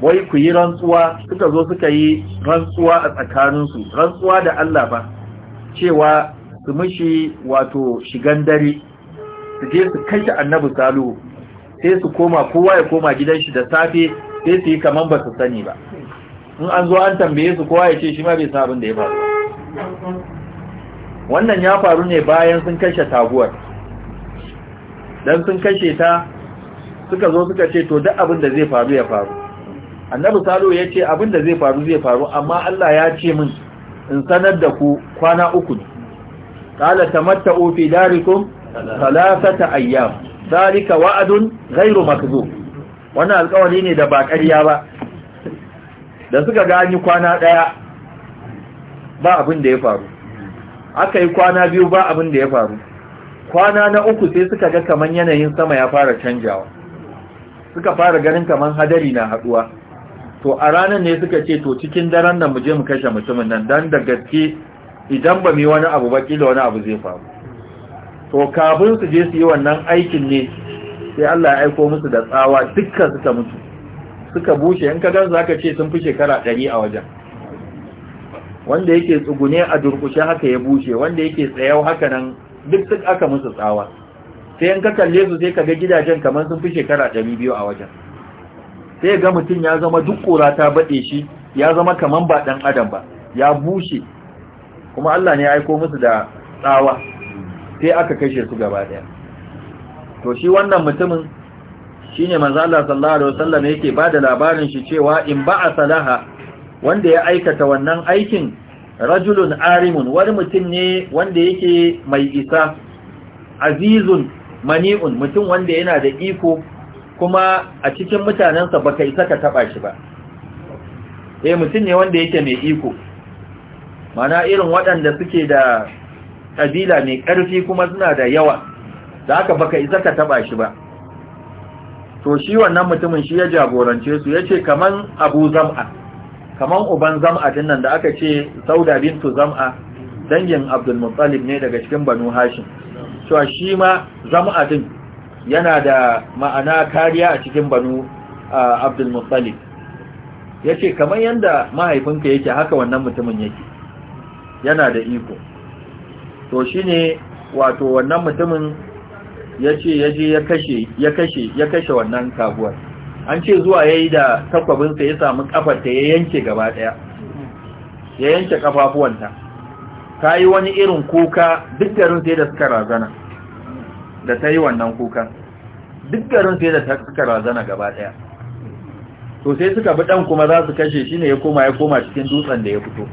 S1: wai ku yi rantsuwa suka zo suka yi rantsuwa a tsakaninsu rantsuwa da Allah ba cewa su mishi wato shigan dare su je su kashe annabi salihu sai su koma kowa ya koma gidan shi da safe sai su yi kaman ba su sani ba in an zo an tambaye su kowa ya ce shi ma bai san abin da ya faru wannan ya faru ne bayan sun kashe taguwar dan sun kashe ta suka zo suka ce to duk abin da zai faru ya faru annabi salo ya ce abin da zai faru zai faru amma Allah ya ce min in sanar da ku kwana uku ne qala tamatta'u fi darikum thalathata ayyam dalika wa'dun ghayru makdhub wannan alƙawari ne da ba ƙarya ba da suka gani kwana ɗaya ba abin da ya faru aka yi kwana biyu ba abin da ya faru kwana na uku sai suka ga kaman yanayin sama ya fara canjawa suka fara ganin kaman hadari na haduwa to a ranar ne suka ce to cikin daren nan mu je mu kashe mutumin nan dan da gaske idan ba mu wani abu ba kila wani abu zai faru to kafin su je su yi wannan aikin ne sai Allah ya aiko musu da tsawa dukkan suka mutu suka bushe in ka gan zaka ce sun fi shekara ɗari a wajen wanda yake tsugune a durkushe haka ya bushe wanda yake tsayau haka nan duk duk aka musu tsawa sai in ka kalle su sai ka ga gidajen kamar sun fi shekara ɗari biyu a wajen sai ga mutum ya zama duk ƙura ta baɗe shi ya zama kamar ba ɗan adam ba ya bushe kuma Allah ne ya aiko musu da tsawa sai aka kashe su gaba ɗaya to shi wannan mutumin shine manzo Allah sallallahu alaihi wasallam yake bada labarin shi cewa in ba'a salaha wanda ya aikata wannan aikin rajulun arimun wani mutum ne wanda yake mai isa azizun mani'un mutum wanda yana da iko kuma a cikin mutanensa baka isa ka taba shi ba eh mutum ne wanda yake mai iko mana irin waɗanda suke da kabila mai ƙarfi kuma suna da yawa da haka baka isa ka taba shi ba to shi wannan mutumin shi ya jagorance su Ya ce, kaman Abu Zam'a kaman uban Zam'a din nan da aka ce Sauda bintu Zam'a dangin Abdul Muttalib ne daga cikin Banu Hashim to shi ma Zam'a din yana da ma'ana kariya a cikin Banu Abdul Muttalib ce, kaman yanda mahaifinka yake haka wannan mutumin yake yana da iko to shi ne wato wannan mutumin ya ce ya je ya kashe ya kashe ya kashe wannan kaguwar an ce zuwa ya yi da takwabinsa ya samu kafarta ya yanke gaba daya ya yanke kafafuwanta ta yi wani irin kuka duk garin sai da suka razana da ta yi wannan kuka duk garin sai da ta suka razana gaba daya to sai suka bi ɗan kuma za su kashe shi ne ya koma ya koma cikin dutsen da ya fito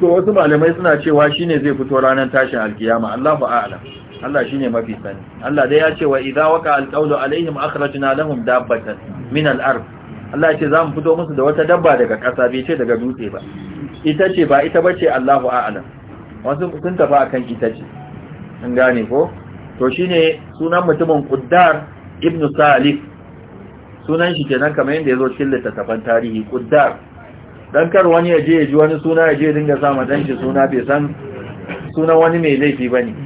S1: to wasu malamai suna cewa shi ne zai fito ranar tashin alkiyama allahu a'lam Allah shi ne mafi sani Allah dai ya ce wa idza waka alƙaunar alaihim akhrajna lahum dabbatan min al-ard Allah ce ce zamu fito musu da wata dabba daga ƙasa bai ce daga dutse ba ita ce ba ita bace Allahu a'lam wasu sun tafi akan ita ce an gane ko to shine sunan mutumin Quddar ibn Salif sunan shi kenan kamar yadda yazo cikin littattafan tarihi Quddar dan kar wani ya je ya ji wani suna ya je dinga sa ma dan shi suna bai san sunan wani mai laifi bane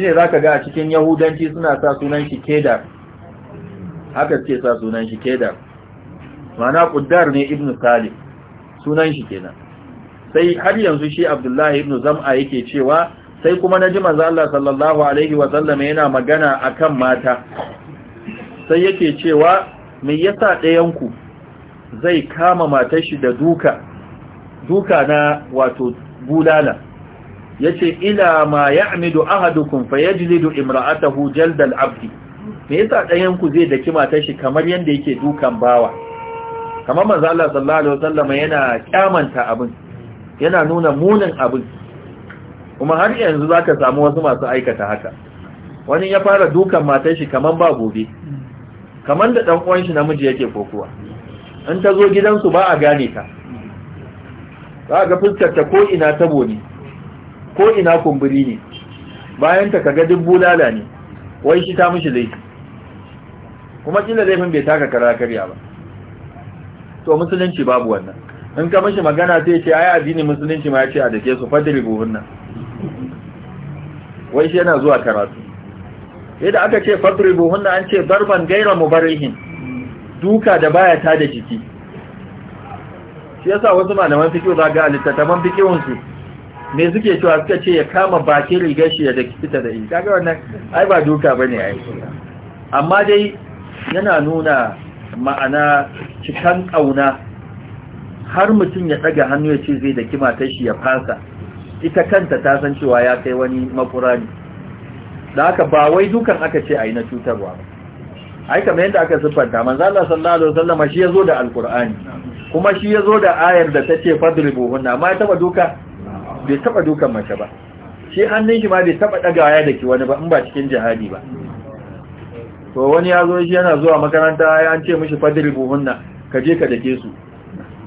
S1: za ka ga a cikin yahudanci suna sa sunan shi kedar haka ce sa sunan shi kedar mana kuddar ne Ibn salim sunan shi kenan sai har yanzu shi abdullahi Ibn zam'a yake cewa sai kuma naji manzo Allah sallallahu alaihi wa sallam yana magana akan mata sai yake cewa me yasa ɗayan ku zai kama matar shi da duka duka na wato bulala yace ila ma ya'midu ahadukum fayajlidu imra'atahu jaldal abdi me yasa ɗayan ku zai daki matar shi kamar yanda yake dukan bawa kamar manzo Allah sallallahu alaihi wasallam yana kyamanta abin yana nuna munin abin kuma har yanzu zaka samu wasu masu aikata haka wani ya fara dukan matar shi kamar ba gobe kamar da dan uwan shi namiji yake kokowa in ta zo gidansu ba a gane ta za ga fuskar ta ko ina ta ne ko ina kumburi ne bayan ta kaga duk bulala ne wai shi ta mishi laifi kuma kila laifin bai taka kara karya ba to musulunci babu wannan in ka mishi magana sai ce ai addini musulunci ma ya ce a dake su fadri buhunna wai shi yana zuwa karatu yadda aka ce fadri buhunna an ce darban gaira mubarihin duka da baya ta da jiki shi yasa wasu malaman fikihu zaga a littattafan fikihunsu me suke cewa suka ce ya kama bakin rigar shi da fita da ita kaga wannan ai ba duka bane ai amma dai yana nuna ma'ana cikan kauna har mutum ya daga hannu ya ce zai da kima ta shi ya fasa ita kanta ta san cewa ya kai wani makura ne da haka ba wai dukan aka ce ai na cutarwa ai kamar yadda aka siffanta manzo Allah sallallahu alaihi wasallam shi yazo da alqur'ani kuma shi yazo da ayar da tace fadribuhunna amma ya ba duka bai taba dukan mace ba shi hannun shi ma bai taba dagawa da ke wani ba in ba cikin jihadi ba to wani ya zo shi yana zuwa makaranta ya an ce mishi fadil buhunna ka je ka dake su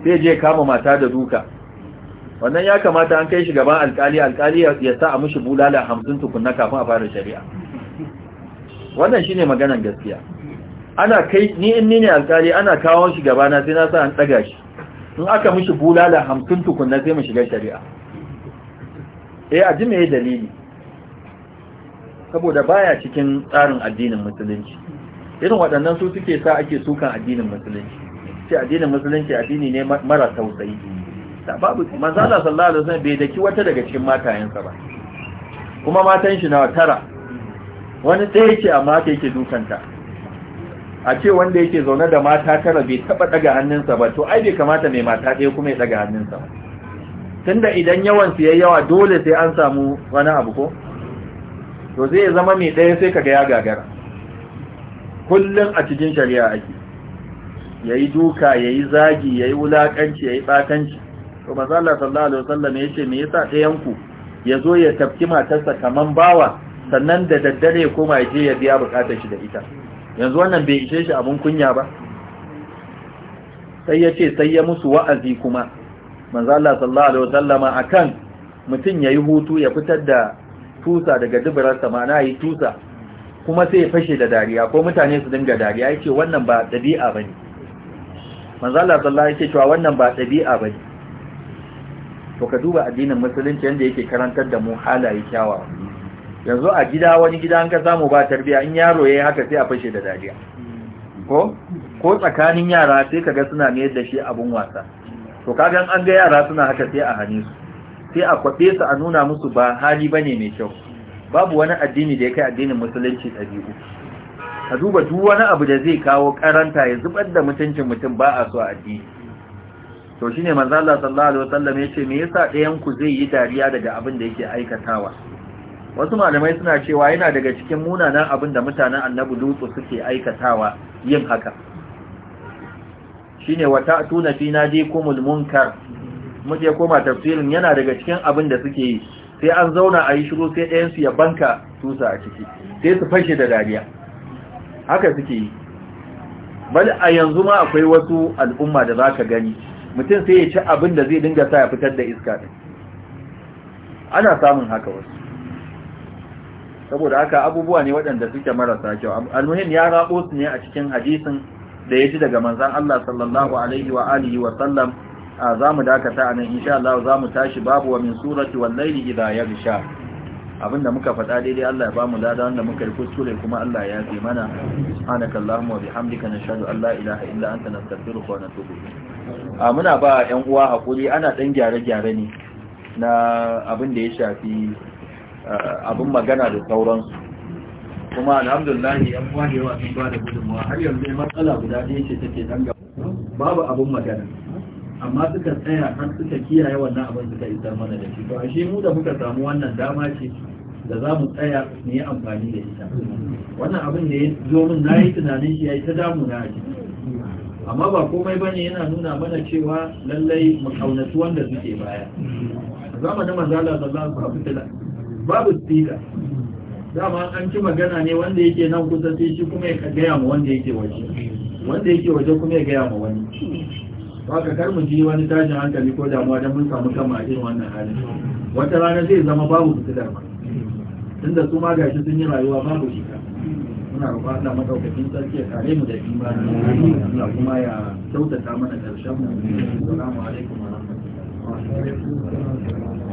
S1: sai je kama mata da duka wannan ya kamata an kai shi gaban alkali alkali ya sa a mishi bulala hamsin tukunna kafin a fara shari'a wannan shine maganan gaskiya ana kai ni in ne alkali ana kawo shi gabana sai na sa an daga shi in aka mishi bulala hamsin tukunna sai mu shiga shari'a eh a ji me dalili saboda baya cikin tsarin addinin musulunci irin waɗannan su suke sa ake sukan addinin musulunci ce addinin musulunci addini ne mara tausayi babu manzala sallallahu alaihi wasallam bai daki wata daga cikin matayensa ba kuma matan shi na tara wani ɗaya ce amma ta yake dukanta a ce wanda yake zaune da mata tara bai taba ɗaga hannunsa ba to ai bai kamata mai mata ɗaya kuma ya ɗaga hannunsa ba tunda idan yawan su yayi yawa dole sai an samu wani abu ko to zai zama mai daya sai kaga ya gagara kullum a cikin shari'a ake yayi duka yayi zagi yayi wulakanci yayi batanci to manzo Allah sallallahu alaihi wasallam yace me yasa ɗayan ku yazo ya tafki matarsa kaman bawa sannan da daddare ya koma yaje ya biya bukatar shi da ita yanzu wannan bai ishe shi abun kunya ba sai yace sai ya musu wa'azi kuma manzo Allah sallallahu alaihi wasallama akan mutum yayi hutu ya fitar da tusa daga dubararsa, sa ma'ana yi tusa kuma sai ya fashe da dariya ko mutane su dinga dariya yace wannan ba dabi'a bane manzo Allah sallallahu alaihi cewa wannan ba dabi'a bane to ka duba addinin musulunci yanda yake karantar da mu halaye kyawawa yanzu a gida wani gida an ka samu ba tarbiya in yaro yayi haka sai a fashe da dariya ko ko tsakanin yara sai kaga suna mayar da shi abun wasa to kagan an ga yara suna haka sai a hane su sai a kwaɓe su a nuna musu ba hali ba ne mai kyau babu wani addini da ya kai addinin musulunci ɗabi'u ka duba duk wani abu da zai kawo karanta ya zubar da mutuncin mutum ba a so addini to shine manzo Allah sallallahu alaihi wasallam yace me yasa ɗayan ku zai yi dariya daga abin da yake aikatawa wasu malamai suna cewa yana daga cikin munanan abin da mutanen annabi dutsu suke aikatawa yin haka shine wa ta'tuna fi nadikumul munkar muke koma tafsirin yana daga cikin abin da suke yi sai an zauna a yi shiru sai ɗayan su ya banka tusa a ciki sai su fashe da dariya haka suke yi bal a yanzu ma akwai wasu al'umma da zaka gani mutum sai ya ci abin da zai dinga sa ya fitar da iska din ana samun haka wasu saboda haka abubuwa ne waɗanda suke marasa kyau Al-muhim ya rabo su ne a cikin hadisin da ya ji daga manzan Allah sallallahu alaihi wa alihi wa sallam za mu dakata a nan insha Allah za mu tashi babu wa min surati wal laili idha yaghsha abinda muka faɗa daidai Allah ya ba mu lada wanda muka yi kuskure kuma Allah ya yi mana anaka allahumma wa bihamdika nashhadu an la ilaha illa anta nastaghfiruka wa natubu a muna ba ƴan uwa hakuri ana dan gyare-gyare ne na abin da ya shafi eh, abin magana da sauransu kuma alhamdulillah ya uwa da sun bada gudunmawa har yanzu matsala guda ɗaya ce take dan babu abun magana amma suka tsaya har suka kiyaye wannan abin suka isar mana da shi to shi mu da muka samu wannan dama ce da za mu tsaya mu yi amfani da ita wannan abin da ya zo min na yi tunanin shi ya yi ta damu na aji amma ba komai bane yana nuna mana cewa lallai mu kaunatu wanda suke baya zamanin manzala sallallahu alaihi wasallam babu spika. dama an ci magana ne wanda yake nan kusa sai shi kuma ya gaya ma wanda yake waje wanda yake waje kuma ya gaya ma wani haka kar mu ji wani tashin hankali ko damuwa don mun samu kama a irin wannan halin wata rana zai zama babu fitilar ma tunda su ma gashi sun yi rayuwa babu shi muna roƙon Allah madaukakin sarki ya kare mu da imani Allah kuma ya kyautata mana karshen mu assalamu alaikum wa rahmatullahi wa barakatuh